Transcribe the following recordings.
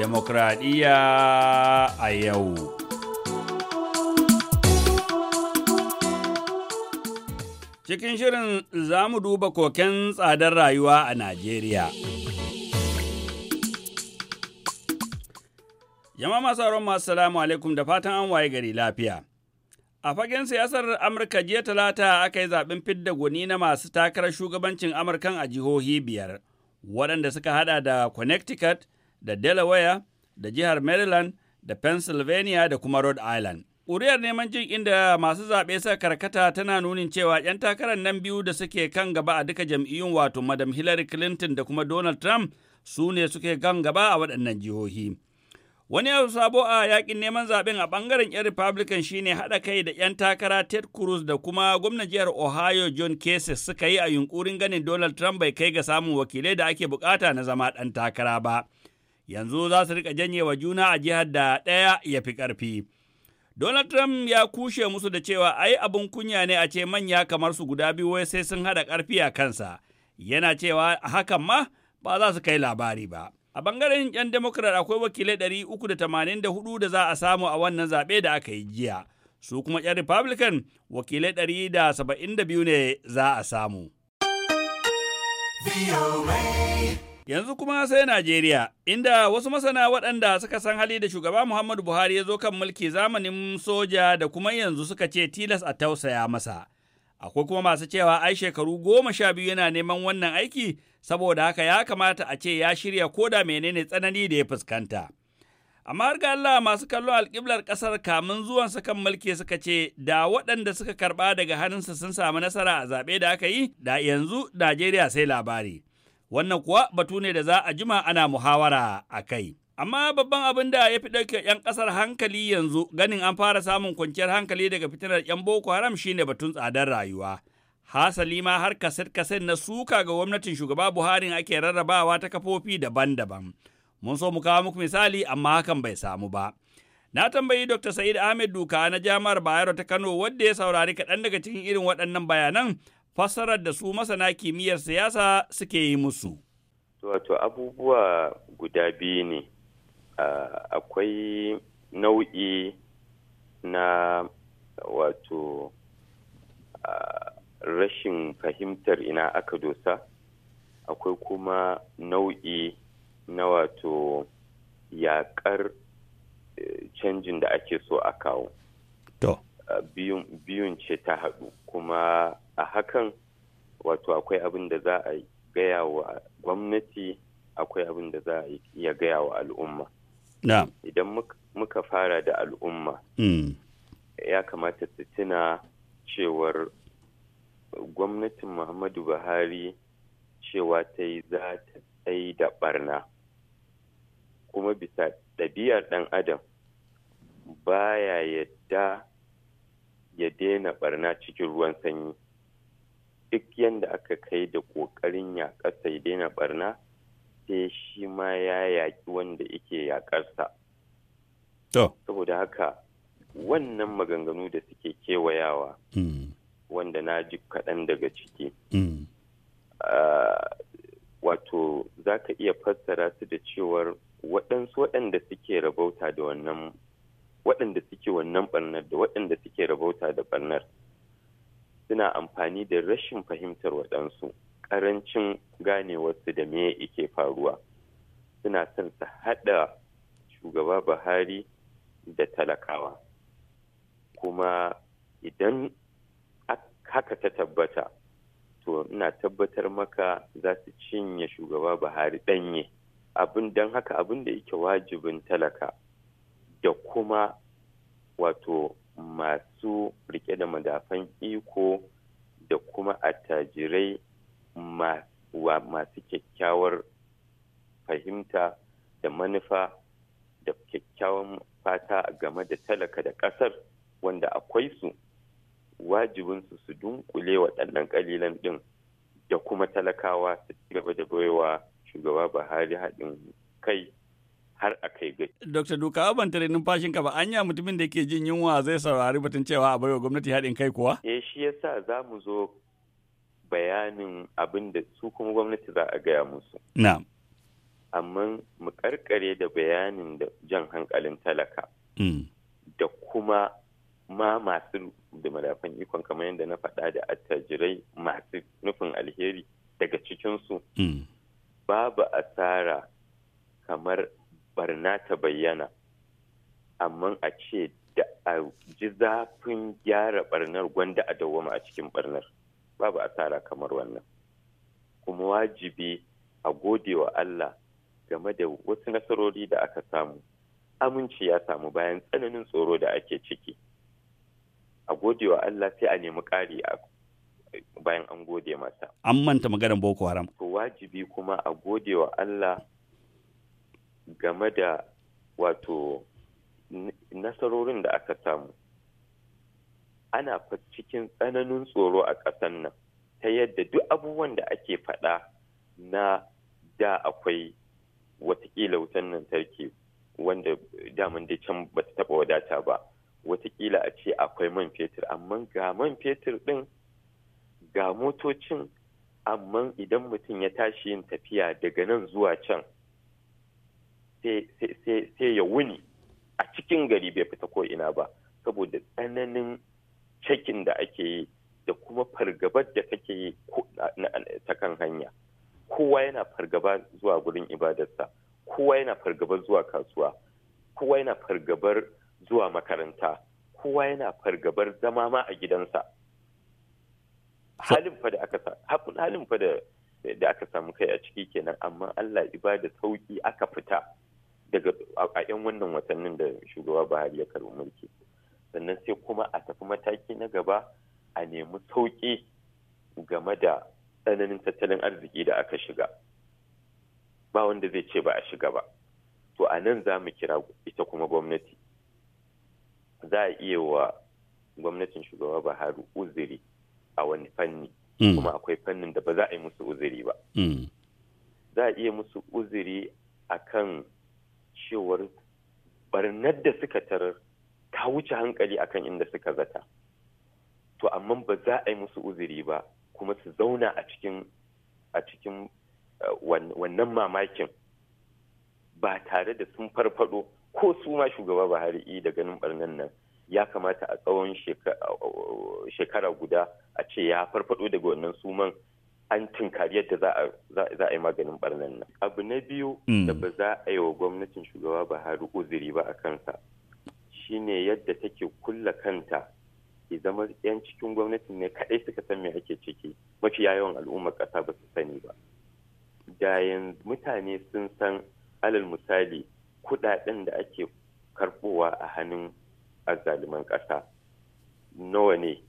demokradiyya a yau. Cikin shirin za mu duba koken tsadar rayuwa a Najeriya. Jama'a masu auren masu salamu alaikum da fatan an waye gari lafiya. A fagen siyasar Amurka jiya talata aka yi zaɓen fidda gwani na masu takarar shugabancin Amurkan a jihohi biyar, waɗanda suka hada da Connecticut, da Delaware da jihar Maryland da Pennsylvania da kuma Rhode Island. Ƙuri'ar neman jin inda masu zaɓe sa karkata tana nunin cewa 'yan takarar nan biyu da suke kan gaba a duka jam'iyyun wato Madam Hillary Clinton da kuma Donald Trump su ne suke kan gaba a waɗannan jihohi. Wani abu sabo a yakin neman zaɓen a ɓangaren 'yan Republican shi ne haɗa kai da 'yan takara Ted Cruz da kuma gwamnan jihar Ohio John Kasich suka yi a yunkurin ganin Donald Trump bai kai ga samun wakilai da ake bukata na zama ɗan takara ba. yanzu za su rika janye wa juna a jihar da ɗaya ya fi ƙarfi. Donald Trump ya kushe musu da cewa ai abun kunya ne a ce manya kamar su guda biyu wai sai sun hada ƙarfi a kansa, yana cewa hakan ma ba za su kai labari ba. A bangaren 'yan Democrat akwai wakilai 384 da za a samu a wannan zaɓe da aka yi jiya, su kuma 'yan Republican wakilai 172 ne za a samu. Yanzu kuma sai Najeriya, inda wasu masana waɗanda suka san hali da shugaba Muhammadu Buhari ya zo kan mulki zamanin soja da kuma yanzu suka ce tilas a tausaya masa. Akwai kuma masu cewa ai shekaru goma sha biyu yana neman wannan aiki, saboda haka ya kamata a ce ya shirya ko da menene tsanani da ya fuskanta. Amma har ga Allah masu kallon alƙiblar ƙasar kamun zuwan kan mulki suka ce da waɗanda suka karɓa daga hannunsa sun samu nasara a zaɓe da aka yi, da yanzu Najeriya sai labari. Wannan kuwa batu ne da za a jima ana muhawara a kai. Amma babban abin da ya fi ɗauke 'yan ƙasar hankali yanzu ganin an fara samun kwanciyar hankali daga fitinar 'yan Boko Haram shi ne batun tsadar rayuwa. Hasali ma har kaset-kaset na suka ga gwamnatin shugaba Buhari ake rarrabawa ta kafofi daban-daban. Mun so mu kawo muku misali amma hakan bai samu ba. Na tambayi Dr. Sa'id Ahmed Duka na Jami'ar Bayero ta Kano wadda ya saurari kaɗan daga cikin irin waɗannan bayanan fassarar da su masana kimiyyar siyasa suke yi musu. Wato abubuwa guda biyu ne, akwai nau'i na wato rashin fahimtar ina aka dosa, akwai kuma nau'i na wato yaƙar e, canjin da ake so a kawo. biyun ce ta haɗu kuma a hakan wato akwai abin da za a gaya wa gwamnati akwai abin da za a iya gaya wa al'umma idan muka fara da al'umma hmm. ya kamata su tuna cewar gwamnatin muhammadu buhari cewa ta yi za ta tsaye da barna kuma bisa ɗabi'ar ɗan adam baya yadda ya daina barna cikin ruwan sanyi duk yadda aka kai da ƙoƙarin yaƙar ya daina barna sai shi ma ya yaƙi wanda yake yaƙarsa. Saboda haka wannan maganganu da suke kewayawa hmm. wanda na ji kaɗan daga ciki. Hmm. Wato za ka iya fassara su da cewar waɗansu waɗanda suke rabauta da wannan waɗanda suke wannan ɓarnar da waɗanda suke rabauta da ɓarnar. suna amfani da rashin fahimtar waɗansu ƙarancin ganewarsu da me yake faruwa suna son su haɗa shugaba buhari da talakawa kuma idan haka ta tabbata to ina tabbatar maka za su cinye shugaba buhari ɗanye abin don haka abin da yake wajibin talaka da kuma wato masu rike da madafan iko da kuma attajirai masu kyakkyawar fahimta da manufa da kyakkyawan fata game da talaka da ƙasar wanda akwai su wajibinsu su dunkule waɗannan ƙalilan ɗin da kuma talakawa su ci gaba da baiwa shugaba buhari haɗin kai har a kai gai. Dr. Dukawa ban tare numfashin ka ba anya mutumin da ke jin yunwa zai saurari batun cewa a baiwa gwamnati haɗin kai kuwa? Eh shi yasa za mu zo bayanin abin da su kuma gwamnati za a gaya musu. Na'am. Amma mu karkare da bayanin da jan hankalin talaka. Mm. Da kuma ma masu da madafan ikon kamar yadda na faɗa da attajirai masu nufin alheri daga cikinsu. Mm. Babu asara kamar barna ta bayyana amma a ce da a ji zafin gyara barnar gwanda a dawwama a cikin barnar babu asara kamar wannan kuma wajibi a gode wa Allah game da wasu nasarori da aka samu aminci ya samu bayan tsananin tsoro da ake ciki a gode wa Allah sai a nemi ƙari a bayan an gode mata. an manta maganar boko haram wajibi kuma a gode wa Allah game da wato nasarorin da aka samu ana cikin tsananin tsoro a ƙasan nan ta yadda duk abubuwan da ake faɗa na da akwai watakila wutan lantarki wanda daman da can ba ta taɓa wadata ba watakila a ce akwai man fetur amma ga man fetur ɗin ga motocin amma idan mutum ya tashi yin tafiya daga nan zuwa can sai ya wuni a cikin gari bai fita ko ina ba saboda tsananin cikin da ake yi da kuma fargabar da take yi ta kan hanya kowa yana fargaba zuwa gurin ibadarsa kowa yana fargabar zuwa kasuwa kowa yana fargabar zuwa makaranta kowa yana fargabar zama ma a gidansa halin fa da aka halin da aka samu kai a ciki kenan amma Allah ibada sauki aka fita daga a 'yan wannan watannin da shugaba buhari ya karbi mulki sannan sai kuma a tafi mataki na gaba a nemi sauƙi game da tsananin tattalin arziki da aka shiga ba wanda zai ce ba a shiga ba to a nan za mu kira ita kuma gwamnati za a iya wa gwamnatin shugaba buhari uzuri a wani fanni mm. kuma akwai fannin da ba za a yi musu uzuri ba mm. za a iya musu uzuri a kan cewar barnar da suka tarar ta wuce hankali akan inda suka zata to amma ba za a yi musu uzuri ba kuma su zauna a cikin a cikin eh, wannan mamakin ba tare da sun farfado ko su ma shugaba Buhari da ganin barnan nan ya kamata a tsawon shekara guda a ce ya farfado daga wannan suman an tunkari yadda za a yi maganin barnan nan abu na biyu mm. da ba za a yi wa gwamnatin shugaba buhari uzuri ba a kansa shine yadda take kulla kanta Ki zama 'yan cikin gwamnatin ne kaɗai suka san me ake ciki mafi yawan al'ummar ƙasa ba su sani ba da yanzu mutane sun san alal misali kuɗaɗen da ake karɓowa a hannun azzaluman ƙasa nawa ne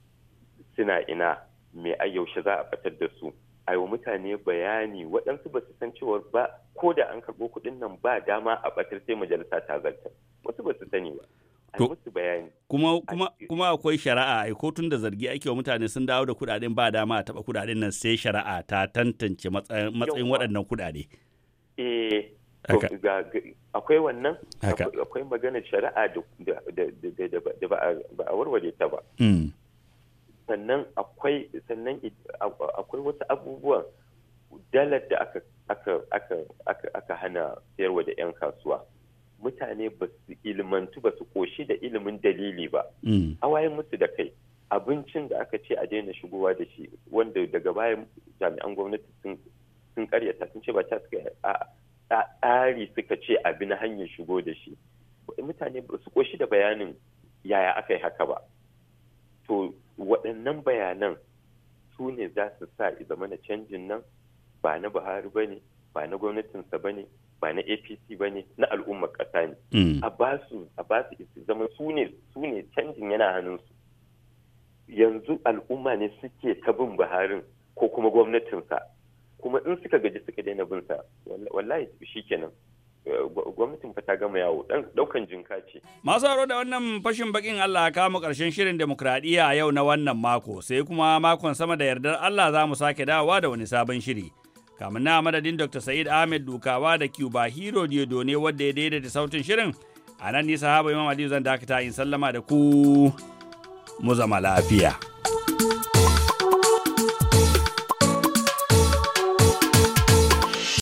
suna ina me a yaushe za a fitar da su a wa mutane bayani waɗansu ba su san cewar ba ko da an karɓo kuɗin nan ba dama a ɓatar sai majalisa ta zarta wasu ba su sani ba a musu bayani kuma kuma kuma akwai shari'a ai tun da zargi ake wa mutane sun dawo da kuɗaɗen ba dama a taɓa kuɗaɗen nan sai shari'a ta tantance matsayin waɗannan kuɗaɗe eh akwai wannan akwai magana shari'a da ba a warware ta ba hmm. sannan akwai sannan akwai wasu abubuwan dalar da aka hana sayarwa da 'yan kasuwa mutane ba su ilmantu ba su koshi da ilimin dalili ba hawayen mm. mutu da kai abincin da aka ce a daina shigowa da shi wanda daga baya jami'an gwamnati sun karyata sun ce ba ta suka a tsari suka ce abin na hanyar shigo da shi mutane ba su koshi da bayanin yaya aka yi haka ba to waɗannan bayanan su ne za su sa zama na canjin nan ba na buhari ba ne ba na gwamnatinsa ba ne ba na apc ba ne na al'ummar ƙasa ne mm. a ba su zama su ne canjin yana hannunsu yanzu al'umma ne suke ta bin buharin ko kuma gwamnatinsa kuma in suka gaji suka daina bin sa wallahi shi kenan gwamnatin fa ta gama yawo daukan jinka ce. Masu haro da wannan fashin bakin Allah ka mu karshen shirin demokradiyya yau na wannan mako sai kuma makon sama da yardar Allah za mu sake dawowa da wani sabon shiri. Kamin na madadin Dr. Sa'id Ahmed Dukawa da Cuba Hero ne wadda ya daidaita sautin shirin a nan nisa haɓa Imam Aliyu zan dakata in sallama da ku mu zama lafiya.